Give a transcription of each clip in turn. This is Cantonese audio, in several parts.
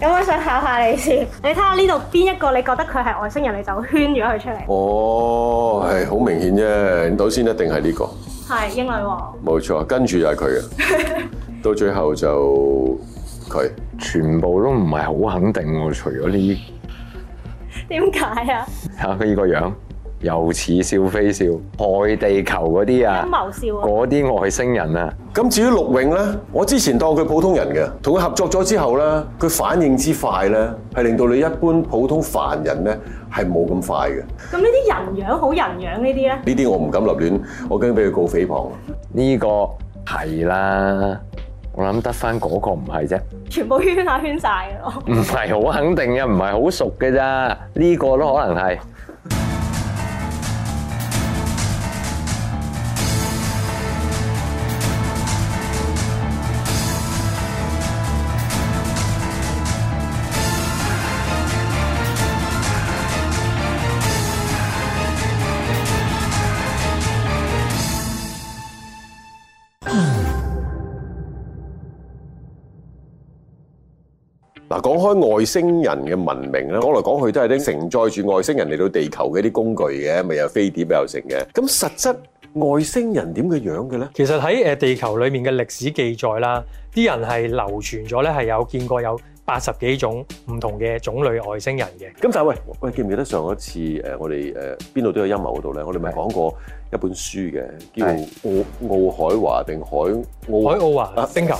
咁我想考下你先，你睇下呢度邊一個你覺得佢係外星人，你就圈咗佢出嚟。哦，係好明顯啫，首先一定係呢個。係，英女王。冇錯，跟住就係佢嘅， 到最後就佢，全部都唔係好肯定我除咗呢。點解啊？吓，佢呢個樣。又似笑非笑，害地球嗰啲啊，謀笑啊！嗰啲外星人啊，咁至於陸永咧，我之前當佢普通人嘅，同佢合作咗之後咧，佢反應之快咧，係令到你一般普通凡人咧係冇咁快嘅。咁呢啲人樣好人樣呢啲咧？呢啲我唔敢立亂，我驚俾佢告誹謗。呢、這個係啦，我諗得翻嗰個唔係啫，全部圈下圈晒咯。唔係好肯定嘅，唔係好熟嘅咋？呢、這個都可能係。開外星人嘅文明啦，講嚟講去都係啲承載住外星人嚟到地球嘅啲工具嘅，咪有飛碟又剩嘅。咁實質外星人點嘅樣嘅咧？其實喺誒地球裏面嘅歷史記載啦，啲人係流傳咗咧，係有見過有八十幾種唔同嘅種類外星人嘅。咁就係喂喂，記唔記得上一次誒我哋誒邊度都有陰謀嗰度咧？我哋咪講過。一本書嘅叫澳《澳澳海華》定《海澳海澳華》星球，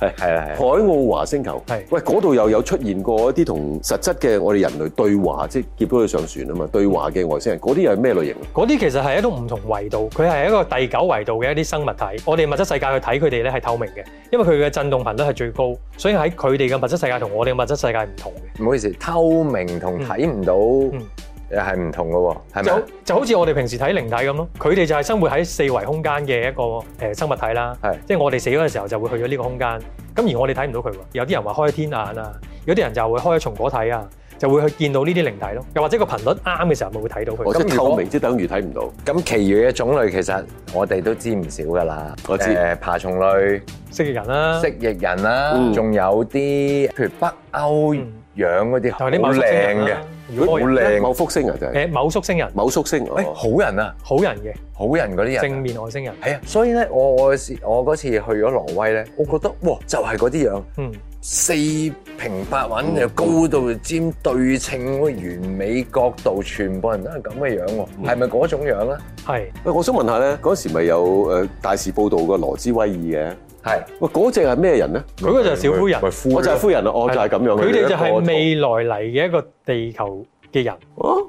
係海澳華星球》啊。係喂，嗰度又有出現過一啲同實質嘅我哋人類對話，即係接咗佢上船啊嘛？對話嘅外星人，嗰啲又係咩類型？嗰啲其實係一種唔同維度，佢係一個第九維度嘅一啲生物體。我哋物質世界去睇佢哋咧係透明嘅，因為佢嘅震動頻率係最高，所以喺佢哋嘅物質世界同我哋嘅物質世界唔同嘅。唔好意思，透明同睇唔到。嗯嗯係唔同嘅喎，就就好似我哋平時睇靈體咁咯，佢哋就係生活喺四維空間嘅一個誒生物體啦。係，即係我哋死咗嘅時候就會去咗呢個空間，咁而我哋睇唔到佢喎。有啲人話開天眼啊，有啲人就會開咗松果體啊，就會去見到呢啲靈體咯。又或者個頻率啱嘅時候咪會睇到佢。咁透明即等於睇唔到。咁，其餘嘅種類其實我哋都知唔少噶啦。我知、呃，爬蟲類、蜥蜴人啦、啊，蜥蜴人啦、啊，仲、嗯、有啲譬如北歐。嗯樣嗰啲好靚嘅，如果好靚，某福星啊，就係誒某縮星人，某縮星誒好人啊，好人嘅，好人嗰啲人，正面外星人係啊。所以咧我我我嗰次去咗挪威咧，我覺得哇就係嗰啲樣，四平八穩嘅高度尖對稱嗰個完美角度，全部人都係咁嘅樣喎，係咪嗰種樣咧？係喂，我想問下咧，嗰時咪有誒大肆報導個羅斯威爾嘅？係，喂，嗰隻係咩人咧？嗰個就係小灰人,灰人，我就係灰人啦，我就係咁樣。佢哋就係未來嚟嘅一個地球嘅人，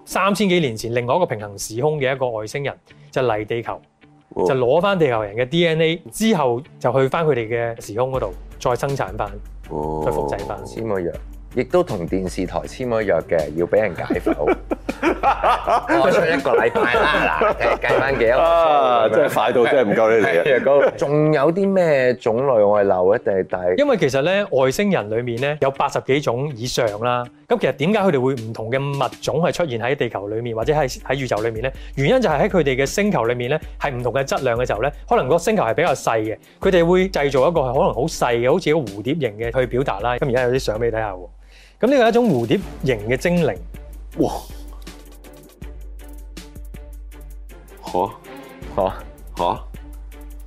三千幾年前另外一個平行時空嘅一個外星人就嚟地球，啊、就攞翻地球人嘅 DNA 之後就去翻佢哋嘅時空嗰度再生產翻、啊，再複製翻、啊。先。亦都同電視台簽咗約嘅，要俾人解剖。我出一個禮拜啦，嗱，計翻幾多？啊，真係快到真係唔夠你嚟啊！仲有啲咩種類我係留咧？定係大？因為其實咧外星人裡面咧有八十幾種以上啦。咁其實點解佢哋會唔同嘅物種係出現喺地球裡面，或者係喺宇宙裡面咧？原因就係喺佢哋嘅星球裡面咧，係唔同嘅質量嘅時候咧，可能個星球係比較細嘅，佢哋會製造一個係可能好細嘅，好似個蝴蝶形嘅去表達啦。咁而家有啲相俾你睇下喎。咁呢個係一種蝴蝶形嘅精靈，哇！嚇嚇嚇！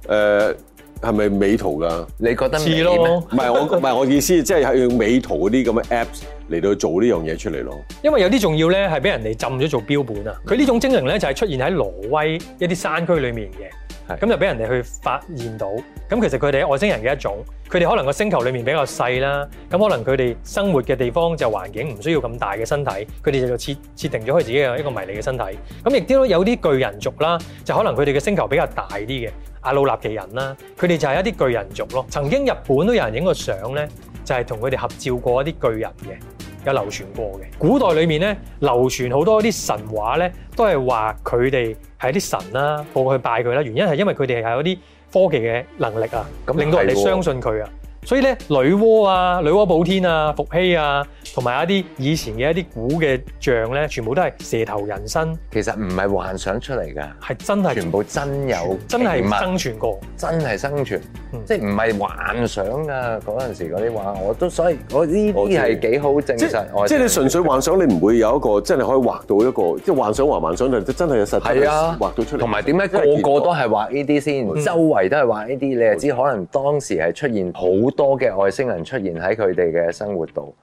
誒，係咪美圖噶？你覺得似咯？唔係我唔係我意思，即係係用美圖嗰啲咁嘅 Apps 嚟到做呢樣嘢出嚟咯。因為有啲重要咧，係俾人哋浸咗做標本啊！佢呢種精靈咧，就係出現喺挪威一啲山區裏面嘅。咁就俾人哋去發現到，咁其實佢哋係外星人嘅一種，佢哋可能個星球裏面比較細啦，咁可能佢哋生活嘅地方就環境唔需要咁大嘅身體，佢哋就就設設定咗佢自己一一個迷你嘅身體。咁亦都有啲巨人族啦，就可能佢哋嘅星球比較大啲嘅，阿魯納奇人啦，佢哋就係一啲巨人族咯。曾經日本都有人影過相咧，就係同佢哋合照過一啲巨人嘅。有流傳過嘅古代裏面咧，流傳好多啲神話咧，都係話佢哋係啲神啦，個個去拜佢啦。原因係因為佢哋係有啲科技嘅能力啊、嗯，令到人哋相信佢啊。嗯嗯嗯嗯嗯。所以咧，女媧啊、女媧補天啊、伏羲啊，同埋一啲以前嘅一啲古嘅像咧，全部都係蛇頭人身。其實唔係幻想出嚟㗎，係真係全部真有真係生存過，真係生存，嗯、即係唔係幻想㗎。嗰陣時嗰啲話我都所以我呢啲係幾好證實。即係你純粹幻想，你唔會有一個係、嗯、你可以畫到一個，即係幻想還幻想就真係有實體、啊、畫到出嚟。同埋點解個個都係畫呢啲先、嗯？周圍都係畫呢啲、嗯，你就知可能當時係出現好多嘅外星人出現喺佢哋嘅生活度。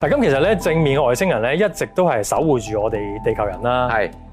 嗱，咁其實咧，正面嘅外星人咧，一直都係守護住我哋地球人啦。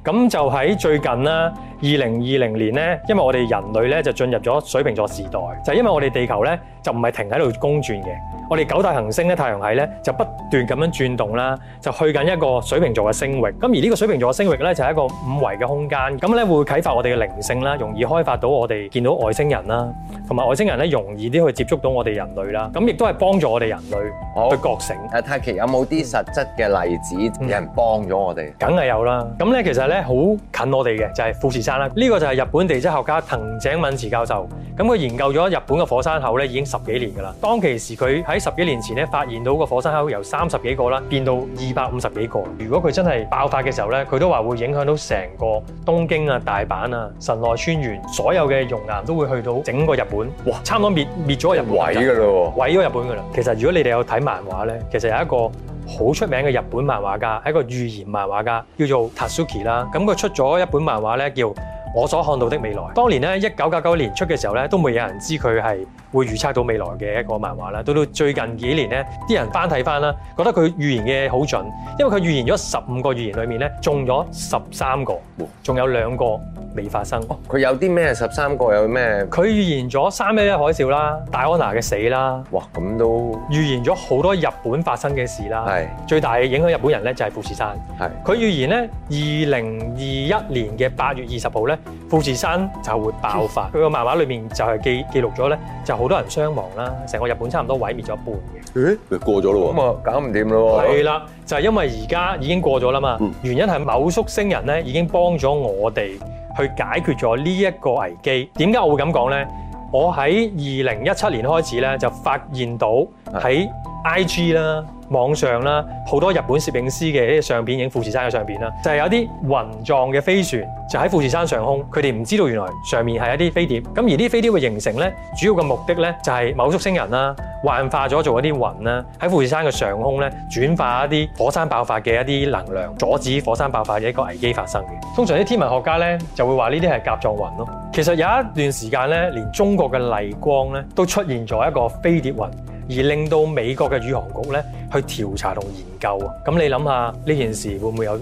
咁就喺最近啦，二零二零年咧，因為我哋人類咧就進入咗水瓶座時代，就係因為我哋地球咧就唔係停喺度公轉嘅，我哋九大行星咧太陽系咧就不斷咁樣轉動啦，就去緊一個水瓶座嘅星域。咁而呢個水瓶座嘅星域咧就係一個五維嘅空間，咁咧會啟發我哋嘅靈性啦，容易開發到我哋見到外星人啦，同埋外星人咧容易啲去接觸到我哋人類啦。咁亦都係幫助我哋人類去覺醒。阿泰奇有冇啲實質嘅例子，有人幫咗我哋？梗係有啦。咁咧其實咧。好近我哋嘅就係富士山啦，呢個就係日本地質學家藤井敏慈教授，咁佢研究咗日本嘅火山口咧已經十幾年噶啦。當其時佢喺十幾年前咧發現到個火山口由三十幾個啦變到二百五十幾個，如果佢真係爆發嘅時候咧，佢都話會影響到成個東京啊、大阪啊、神奈川縣所有嘅熔岩都會去到整個日本，哇，差唔多滅滅咗個日本噶啦，毀咗日本噶啦。其實如果你哋有睇漫畫咧，其實有一個。好出名嘅日本漫畫家，係一個預言漫畫家，叫做 Tatsuki 啦。咁佢出咗一本漫畫咧，叫我所看到的未來，當年咧一九九九年出嘅時候咧，都未有人知佢係會預測到未來嘅一個漫畫啦。到到最近幾年咧，啲人翻睇翻啦，覺得佢預言嘅好準，因為佢預言咗十五個預言裏面咧中咗十三個，仲有兩個未發生。佢、哦、有啲咩十三個有咩？佢預言咗三一一海嘯啦，戴安娜嘅死啦。哇，咁都預言咗好多日本發生嘅事啦。係最大嘅影響日本人咧就係富士山。係佢預言咧二零二一年嘅八月二十號咧。富士山就會爆發，佢個漫畫裏面就係記記錄咗咧，就好多人傷亡啦，成個日本差唔多毀滅咗一半嘅。誒、欸，過咗咯喎，咁啊，搞唔掂咯喎。係啦，就係、是、因為而家已經過咗啦嘛。原因係某宿星人咧已經幫咗我哋去解決咗呢一個危機。點解我會咁講咧？我喺二零一七年開始咧就發現到。喺 IG 啦、網上啦，好多日本攝影師嘅啲相片影富士山嘅相片啦，就係、是、有啲雲狀嘅飛船，就喺富士山上空，佢哋唔知道原來上面係一啲飛碟。咁而啲飛碟會形成咧，主要嘅目的咧就係某種星人啦，幻化咗做一啲雲啦，喺富士山嘅上空咧轉化一啲火山爆發嘅一啲能量，阻止火山爆發嘅一個危機發生嘅。通常啲天文學家咧就會話呢啲係甲狀雲咯。其實有一段時間咧，連中國嘅麗江咧都出現咗一個飛碟雲。而令到美國嘅宇航局咧去調查同研究啊！咁你諗下呢件事會唔會有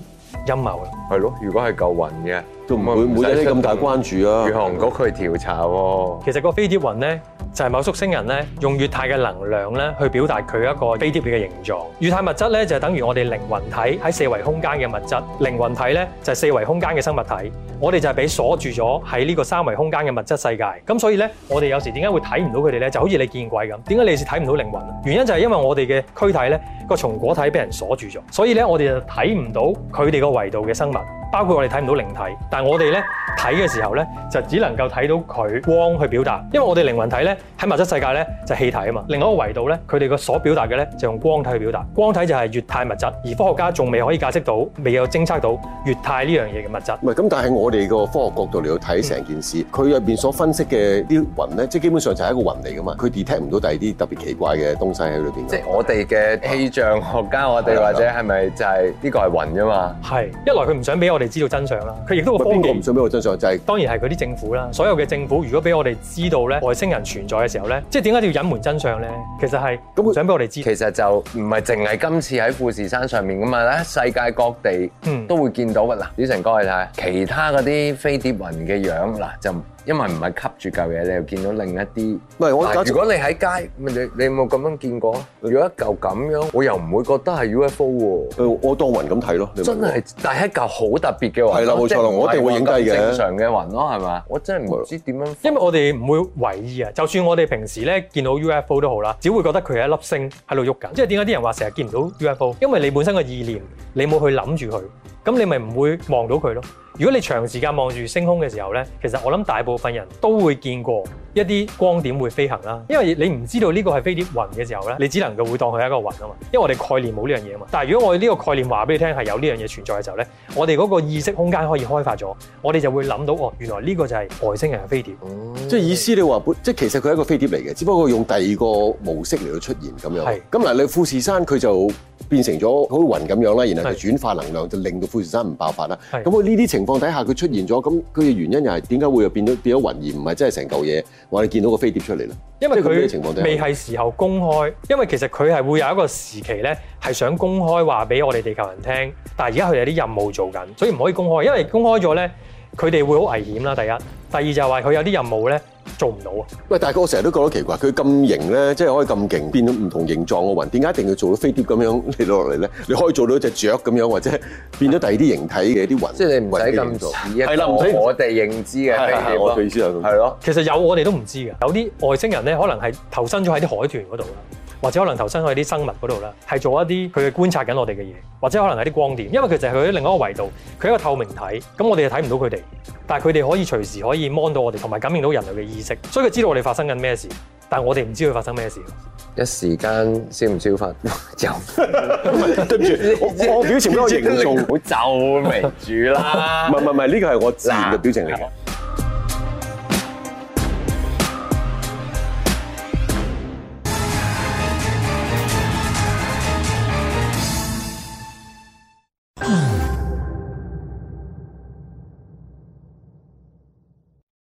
陰謀啊？係咯，如果係嚿雲嘅，都唔會唔會有啲咁大關注啊！宇航局佢係調查喎、啊。其實個飛碟雲咧。就係某宿星人咧，用液態嘅能量咧，去表達佢一個飛碟嘅形狀。液態物質咧，就等於我哋靈魂體喺四維空間嘅物質。靈魂體咧，就係四維空間嘅生物體。我哋就係俾鎖住咗喺呢個三維空間嘅物質世界。咁所以咧，我哋有時點解會睇唔到佢哋咧？就好似你見鬼咁。點解你哋睇唔到靈魂？原因就係因為我哋嘅軀體咧。個松果體俾人鎖住咗，所以咧，我哋就睇唔到佢哋個維度嘅生物，包括我哋睇唔到靈體。但係我哋咧睇嘅時候咧，就只能夠睇到佢光去表達，因為我哋靈魂體咧喺物質世界咧就係氣體啊嘛。另外一個維度咧，佢哋個所表達嘅咧就用光體去表達，光體就係液態物質，而科學家仲未可以解釋到，未有偵測到液態呢樣嘢嘅物質。唔係咁，但係我哋個科學角度嚟到睇成件事，佢入邊所分析嘅啲雲咧，即係基本上就係一個雲嚟噶嘛，佢 detect 唔到第二啲特別奇怪嘅東西喺裏邊。即係我哋嘅氣。嗯像學家我哋或者係咪就係呢個係雲吖嘛？係一來佢唔想俾我哋知道真相啦，佢亦都會封過唔想俾我真相就係、是、當然係佢啲政府啦，所有嘅政府如果俾我哋知道咧外星人存在嘅時候咧，即係點解要隱瞞真相咧？其實係咁佢想俾我哋知。其實就唔係淨係今次喺富士山上面㗎嘛咧，世界各地都會見到嘅。嗱，子、嗯、誠哥你睇下其他嗰啲飛碟雲嘅樣嗱就。因為唔係吸住嚿嘢，你又見到另一啲。唔係我，如果你喺街，咪你你有冇咁樣見過？如果一嚿咁樣，我又唔會覺得係 UFO 喎。我當雲咁睇咯。真係，但係一嚿好特別嘅雲。係啦，冇錯啦，我一定會影低嘅。正常嘅雲咯，係咪啊？我真係唔知點樣。因為我哋唔會為意啊。就算我哋平時咧見到 UFO 都好啦，只會覺得佢係一粒星喺度喐緊。即係點解啲人話成日見唔到 UFO？因為你本身嘅意念，你冇去諗住佢，咁你咪唔會望到佢咯。如果你長時間望住星空嘅時候咧，其實我諗大部分人都會見過一啲光點會飛行啦。因為你唔知道呢個係飛碟雲嘅時候咧，你只能夠會當佢係一個雲啊嘛。因為我哋概念冇呢樣嘢啊嘛。但係如果我哋呢個概念話俾你聽係有呢樣嘢存在嘅時候咧，我哋嗰個意識空間可以開發咗，我哋就會諗到哦，原來呢個就係外星人嘅飛碟。哦、嗯，即係意思你話即係其實佢係一個飛碟嚟嘅，只不過用第二個模式嚟到出現咁樣。係。咁嗱，你富士山佢就。變成咗好似雲咁樣啦，然後就轉化能量，就令到富士山唔爆發啦。咁喺呢啲情況底下，佢出現咗，咁佢嘅原因又係點解會變到變咗雲而唔係真係成嚿嘢，我哋見到個飛碟出嚟咧？因為佢未係時候公開，因為其實佢係會有一個時期咧，係想公開話俾我哋地球人聽，但係而家佢哋有啲任務做緊，所以唔可以公開，因為公開咗咧，佢哋會好危險啦。第一。第二就係話佢有啲任務咧做唔到啊！喂，大哥，我成日都覺得奇怪，佢咁型咧，即係可以咁勁，變咗唔同形狀嘅雲，點解一定要做到飛碟咁樣嚟到落嚟咧？你可以做到一隻雀咁樣，或者變咗第二啲形體嘅啲雲。即係你唔使咁做，係啦，唔使我哋認知嘅。係係，我嘅意思係咁。係咯，其實有我哋都唔知嘅，有啲外星人咧，可能係投身咗喺啲海豚嗰度啦。或者可能投身去啲生物嗰度啦，係做一啲佢嘅觀察緊我哋嘅嘢，或者可能係啲光點，因為其實佢喺另一個維度，佢係一個透明體，咁我哋又睇唔到佢哋，但係佢哋可以隨時可以 mon 到我哋，同埋感應到人類嘅意識，所以佢知道我哋發生緊咩事，但我哋唔知佢發生咩事。一時間消唔消化？就 對唔住，我我表情比較凝重，好皺眉住啦。唔係唔係唔係，呢個係我自然嘅表情嚟嘅。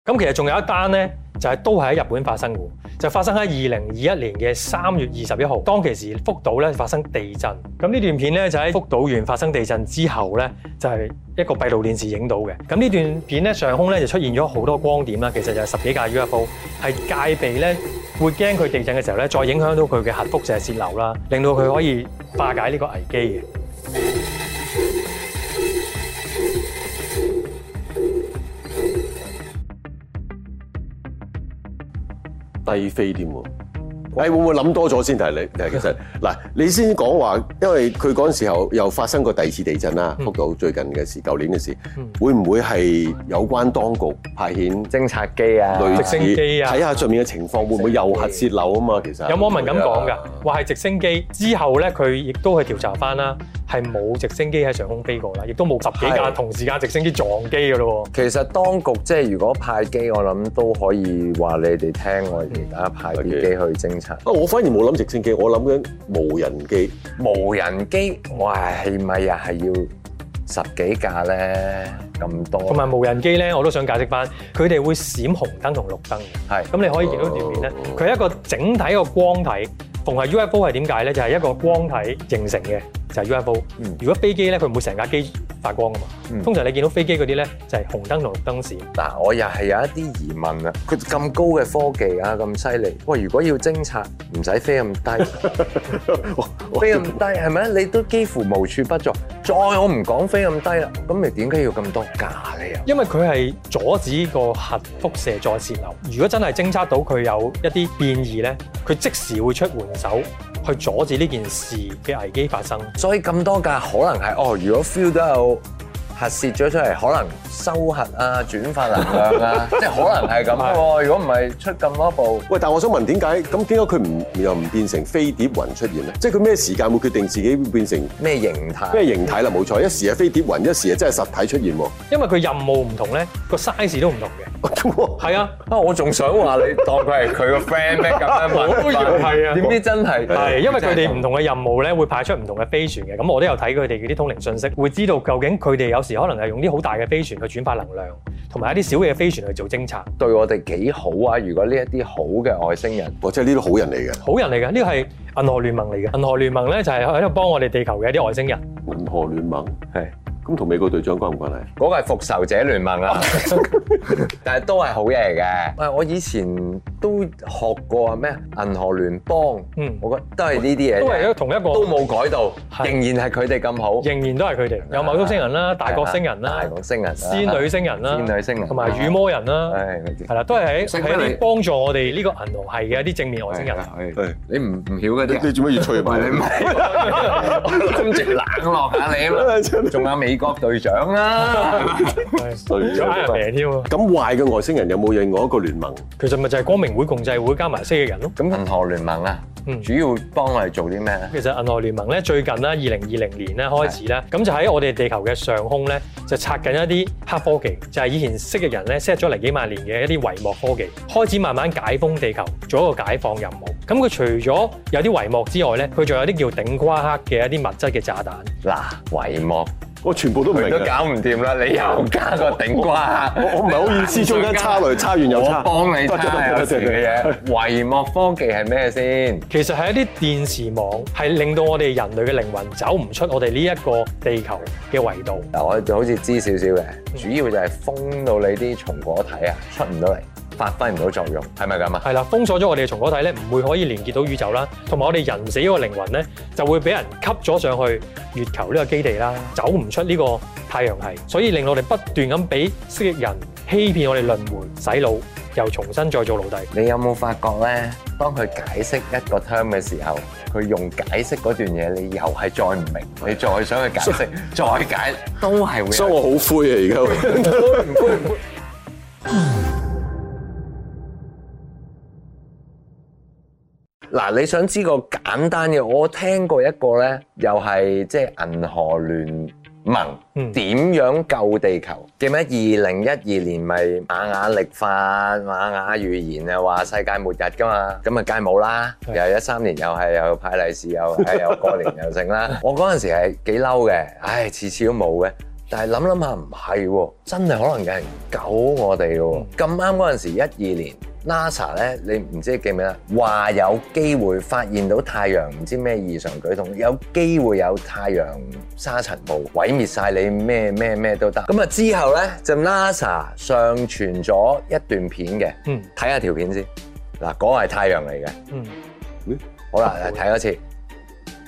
咁其實仲有一單呢，就係都係喺日本發生嘅，就發生喺二零二一年嘅三月二十一號。當其時福島咧發生地震，咁呢段片咧就喺福島縣發生地震之後呢，就係一個閉路電視影到嘅。咁呢段片咧上空咧就出現咗好多光點啦，其實就係十幾架 UFO，係戒備咧會驚佢地震嘅時候咧再影響到佢嘅核輻射洩漏啦，令到佢可以化解呢個危機嘅。低飛添喎，誒、哎、會唔會諗多咗先？係你其實嗱，你先講話，因為佢嗰陣時候又發生過第二次地震啦，福、嗯、島最近嘅事，舊年嘅事，會唔會係有關當局派遣偵察機啊類、直升機啊，睇下上面嘅情況，會唔會又核泄漏啊嘛？其實有網民咁講㗎，話、啊、係直升機之後咧，佢亦都去調查翻啦。係冇直升機喺上空飛過啦，亦都冇十幾架同時間直升機撞機嘅咯。其實當局即係如果派機，我諗都可以話你哋聽，我哋打派啲機去偵察。啊，我反而冇諗直升機，我諗緊無人機。無人機，哇，係咪又係要十幾架咧？咁多。同埋無人機咧，我都想解釋翻，佢哋會閃紅燈同綠燈嘅。係。咁你可以見到呢段片咧，佢係一個整體個光體。馮係 UFO 係點解咧？就係、是、一個光體形成嘅，就係、是、UFO、嗯。如果飛機咧，佢唔會成架機發光噶嘛、嗯。通常你見到飛機嗰啲咧，就係、是、紅燈同綠燈線。嗱、啊，我又係有一啲疑問啊。佢咁高嘅科技啊，咁犀利。喂，如果要偵察，唔使飛咁低， 飛咁低係咪？你都幾乎無處不在。再我唔講飛咁低啦，咁你點解要咁多架咧？因為佢係阻止個核輻射再泄漏。如果真係偵察到佢有一啲變異咧，佢即時會出門手去阻止呢件事嘅危機發生，所以咁多架可能係哦，如果 feel 到有核泄咗出嚟，可能收核啊、轉發能量啊咁啊， 即係可能係咁、 哦、如果唔係出咁多部，喂，但係我想問點解咁？點解佢唔又唔變成飛碟雲出現咧？即係佢咩時間會決定自己會變成咩形態？咩形態啦？冇錯，一時係飛碟雲，一時係真係實體出現。因為佢任務唔同咧，個 size 都唔同嘅。係啊，啊我仲想話你當佢係佢個 friend 咩咁？我都以為係啊，點知真係係，因為佢哋唔同嘅任務咧，會派出唔同嘅飛船嘅。咁我都有睇佢哋啲通靈信息，會知道究竟佢哋有時可能係用啲好大嘅飛船去轉發能量，同埋一啲小嘅飛船去做偵察。對我哋幾好啊！如果呢一啲好嘅外星人，或、哦、即係呢啲好人嚟嘅，好人嚟嘅，銀銀呢個係銀河聯盟嚟嘅。銀河聯盟咧就係喺度幫我哋地球嘅一啲外星人。銀河聯盟係。咁同美國隊長關唔關係？嗰個係復仇者聯盟啊，但係都係好嘢嚟嘅。我以前都學過咩？銀河聯邦，我覺得都係呢啲嘢，都係一個同一個，都冇改到，仍然係佢哋咁好，仍然都係佢哋有某種星人啦，大國星人啦，星人仙女星人啦，仙女星人同埋雨魔人啦，係啦，都係喺喺啲幫助我哋呢個銀河系嘅啲正面外星人。你唔唔曉嗰啲，你做乜越吹埋？你唔係咁直冷落下你，仲有美國隊長啦、啊， 隊長嚟添喎。咁壞嘅外星人有冇另外一個聯盟？其實咪就係光明會、共濟會加埋蜥蜴人咯。咁銀河聯盟咧，嗯，主要幫我哋做啲咩咧？其實銀河聯盟咧，最近咧，二零二零年咧開始啦，咁就喺我哋地球嘅上空咧，就拆緊一啲黑科技，就係、是、以前蜥蜴人咧 set 咗嚟幾萬年嘅一啲帷幕科技，開始慢慢解封地球，做一個解放任務。咁佢除咗有啲帷幕之外咧，佢仲有啲叫頂瓜黑嘅一啲物質嘅炸彈。嗱、啊，帷幕。我全部都唔明白，都搞唔掂啦！你又加個頂瓜，我唔係好意思中間插嚟叉完又插，我幫你叉，有嘅嘢？帷幕科技係咩先？其實係一啲電磁網，係令到我哋人類嘅靈魂走唔出我哋呢一個地球嘅維度。嗱，我好似知少少嘅，主要就係封到你啲松果體啊，出唔到嚟。發揮唔到作用，係咪咁啊？係啦，封鎖咗我哋嘅松果體咧，唔會可以連結到宇宙啦。同埋我哋人死個靈魂咧，就會俾人吸咗上去月球呢個基地啦，走唔出呢個太陽系，所以令到我哋不斷咁俾蜥蜴人欺騙我哋輪迴洗腦，又重新再做奴隸。你有冇發覺咧？當佢解釋一個 term 嘅時候，佢用解釋嗰段嘢，你又係再唔明，你再想去解釋，再解都係會。所以我好灰啊，而家灰唔灰？嗱，你想知個簡單嘅？我聽過一個呢，又係即係銀河聯盟點、嗯、樣救地球？記唔記得？二零一二年咪瑪雅歷法、瑪雅預言又話世界末日噶嘛？咁啊，梗係冇啦。又一三年又係又派利是，又係又，又過年又剩啦。 我嗰陣時係幾嬲嘅，唉、哎，次次都冇嘅。但係諗諗下唔係，真係可能有人救我哋嘅、啊。咁啱嗰陣時一二年 NASA 咧，你唔知記唔記得話有機會發現到太陽唔知咩異常舉動，有機會有太陽沙塵暴毀滅晒你咩咩咩都得。咁啊之後咧就 NASA 上傳咗一段片嘅，嗯，睇下條片先。嗱，嗰個係太陽嚟嘅，嗯、欸，好啦，睇多次。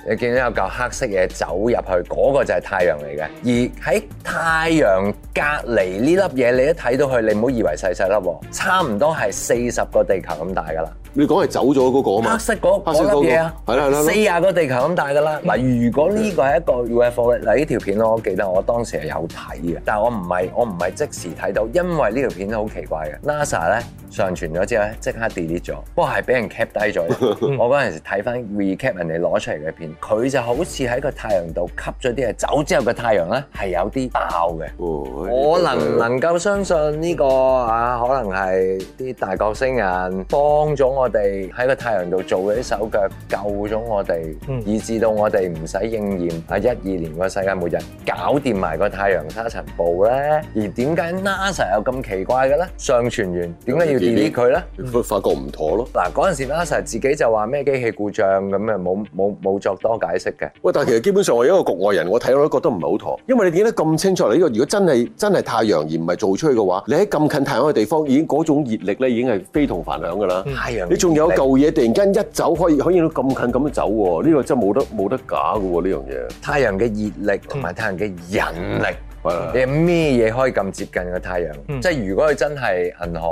你見到有嚿黑色嘢走入去，嗰個就係太陽嚟嘅。而喺太陽隔離呢粒嘢，你一睇到佢，你唔好以為細細粒喎，差唔多係四十個地球咁大㗎啦。你講係走咗嗰個啊嘛？黑色嗰、嗰個、黑色嘢啊，係啦係啦，四廿個地球咁大㗎啦。嗱、嗯，如果呢個係一個 UFO 咧，嗱呢條片我記得我當時係有睇嘅，但我唔係我唔係即時睇到，因為呢條片好奇怪嘅。NASA 咧上傳咗之後咧，即刻 delete 咗，不過係俾人 cap 低咗。我嗰陣時睇翻 recap 人哋攞出嚟嘅片，佢 就好似喺個太陽度吸咗啲嘢走之後的陽，嘅太陽咧係有啲爆嘅、嗯。我能唔能夠相信呢、呢個啊？可能係啲大角星人幫咗我。我哋喺個太陽度做嗰啲手腳，救咗我哋，以至到我哋唔使應驗啊一二年個世界末日，搞掂埋個太陽沙塵暴咧。而點解 NASA 有咁奇怪嘅咧？上傳完點解要 delete 佢咧？會發覺唔妥咯。嗱嗰陣時 NASA 自己就話咩機器故障咁啊，冇冇冇作多解釋嘅。喂，但係其實基本上我是一個局外人，我睇我都覺得唔係好妥，因為你影得咁清楚，你呢個如果真係真係太陽而唔係做出去嘅話，你喺咁近太陽嘅地方，已經嗰種熱力咧已經係非同凡響㗎啦。太、嗯、陽。你仲有嚿嘢突然間一走可以，可以到咁近咁樣走、啊、這呢、個、真係冇得冇得假嘅呢樣嘢，太陽嘅熱力同埋太陽嘅引力。嗯嗯。你有咩嘢可以咁接近個太陽？嗯、即係如果佢真係銀河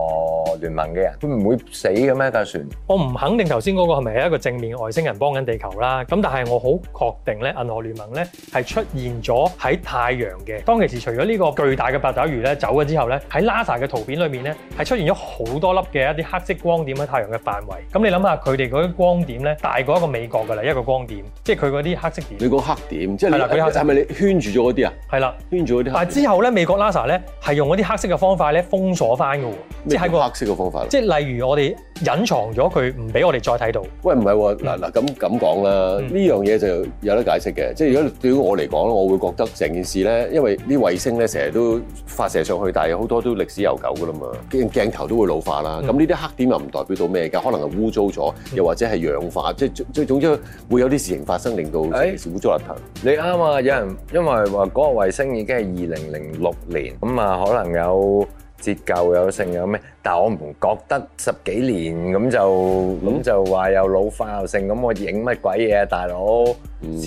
聯盟嘅人，佢唔會死嘅咩？計算我唔肯定頭先嗰個係咪一個正面外星人幫緊地球啦。咁但係我好確定咧，銀河聯盟咧係出現咗喺太陽嘅。當其時除咗呢個巨大嘅八爪魚咧走咗之後咧，喺 NASA 嘅圖片裏面咧係出現咗好多粒嘅一啲黑色光點喺太陽嘅範圍。咁你諗下佢哋嗰啲光點咧大過一個美國㗎啦，一個光點，即係佢嗰啲黑色點。你講黑點，即係係啦，佢係咪你圈住咗啲啊？係啦，圈住。但之後咧，美國 NASA 咧係用嗰啲黑色嘅方法咧封鎖翻嘅，即係個黑色嘅方法，即係例如我哋。隱藏咗佢唔俾我哋再睇到。喂，唔係喎，嗱嗱咁咁講啦，呢樣嘢、嗯、就有得解釋嘅。即係如果對於我嚟講咧，我會覺得成件事咧，因為啲衛星咧成日都發射上去，但係好多都歷史悠久㗎啦嘛，鏡頭都會老化啦。咁呢啲黑點又唔代表到咩㗎？可能係污糟咗，又或者係氧化，嗯、即係即係總之會有啲事情發生，令到誒污糟邋遢。你啱啊！有人因為話嗰個衛星已經係二零零六年，咁啊可能有折舊，有剩有咩？但我唔覺得十幾年咁就咁、嗯、就話有老化又性，咁我影乜鬼嘢啊，大佬！次、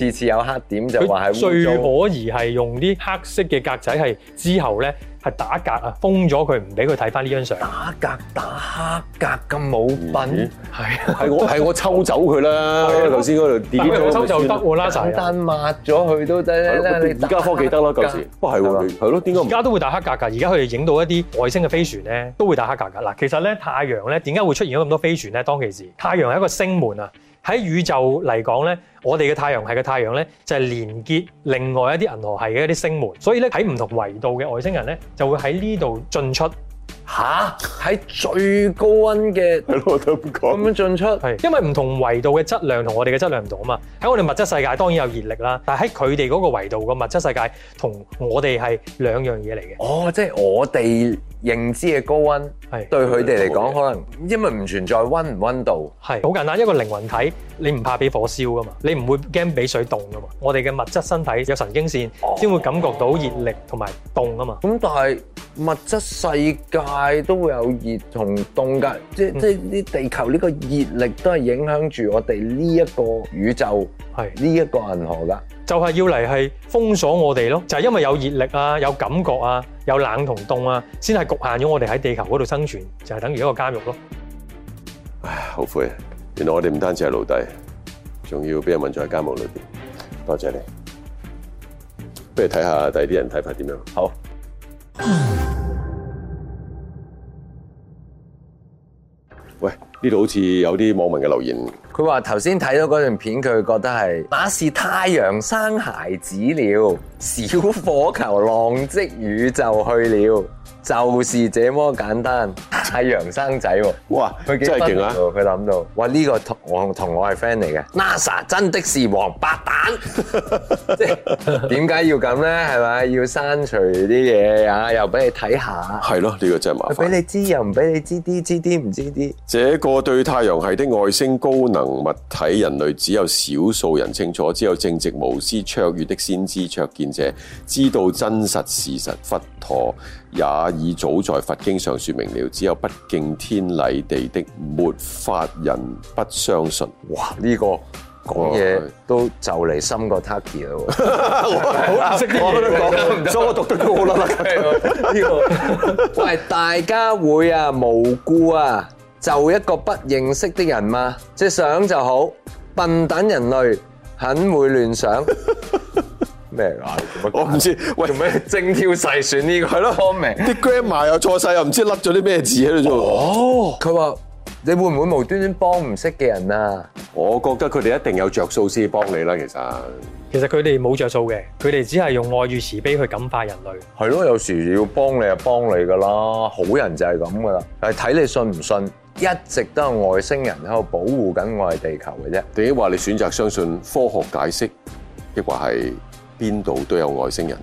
嗯、次有黑點就話係污糟。佢最可疑係用啲黑色嘅格仔係之後咧。係打格啊！封咗佢，唔俾佢睇翻呢張相。打格，打，格、mm -hmm. 啊 啊啊、打黑格咁冇品，係係我係我抽走佢啦。頭先度自抽就得喎，簡單抹咗佢都得，而家科技得啦，舊時、啊。哇係喎，係咯、啊，點解而家都會打黑格㗎？而家佢哋影到一啲外星嘅飛船咧，都會打黑格㗎。嗱，其實咧，太陽咧，點解會出現咗咁多飛船咧？當其時，太陽係一個星門啊。喺宇宙嚟講，呢我哋嘅太陽系嘅太陽呢，就係連結另外一啲銀河系嘅一啲星門，所以呢，喺唔同維度嘅外星人呢，就會喺呢度進出。吓，喺最高溫嘅度咁樣進出，係因為唔同維度嘅質量同我哋嘅質量唔同啊嘛。喺我哋物質世界當然有熱力啦，但喺佢哋嗰個維度嘅物質世界同我哋係兩樣嘢嚟嘅。哦，即係我哋認知嘅高溫，係對佢哋嚟講可能因為唔存在溫唔溫度，係好簡單一個靈魂體。你唔怕俾火燒噶嘛？你唔會驚俾水凍噶嘛？我哋嘅物質身體有神經線，先、哦、會感覺到熱力同埋凍啊嘛。咁但係物質世界都會有熱同凍噶，即、嗯、即啲地球呢個熱力都係影響住我哋呢一個宇宙，係呢一個銀河噶。就係、是、要嚟係封鎖我哋咯，就係、是、因為有熱力啊，有感覺啊，有冷同凍啊，先係局限咗我哋喺地球嗰度生存，就係、是、等於一個監獄咯。唉，後悔啊！原來我哋唔單止係奴隸，仲要俾人困喺監獄裏邊。多謝你，不如睇下第二啲人睇法點樣？好。喂，呢度好似有啲網民嘅留言。佢話頭先睇到嗰段片，佢覺得係那是太陽生孩子了，小火球浪跡宇宙去了，就是這麼簡單。太陽生仔喎！哇，佢真係勁啊！佢諗到，哇呢、這個同我同我係 friend 嚟嘅 NASA 真的是王八蛋， 即係點解要咁咧？係咪要刪除啲嘢啊？又俾你睇下，係咯？呢、這個真係麻煩。佢俾你知又唔俾你知啲知啲唔知啲，這個對太陽系的外星高能。物體人類只有少數人清楚，只有正直無私、卓越的先知、卓見者知道真實事實。佛陀也已早在佛經上說明了。只有不敬天禮地的，沒法人不相信。哇！呢、這個講嘢都就嚟深過 Tecki 啦，好識啲都講， 所以我讀得高啦。呢 這個喂，大家會啊，無辜啊！就一個不認識的人嘛，即係想就好，笨蛋人類很會亂想。咩 啊？我唔知，喂，做咩精挑細選呢個係咯？我明啲 grammar 又錯晒，又唔知道甩咗啲咩字喺度做。哦，佢話你會唔會無端端幫唔識嘅人啊？我覺得佢哋一定有着數先幫你啦。其實，其實佢哋冇着數嘅，佢哋只係用愛與慈悲去感化人類。係咯，有時候要幫你就幫你噶啦，好人就係咁噶啦，係睇你信唔信。一直都係外星人喺保護緊我哋地球嘅啫。點解話你選擇相信科學解釋，亦話係邊度都有外星人？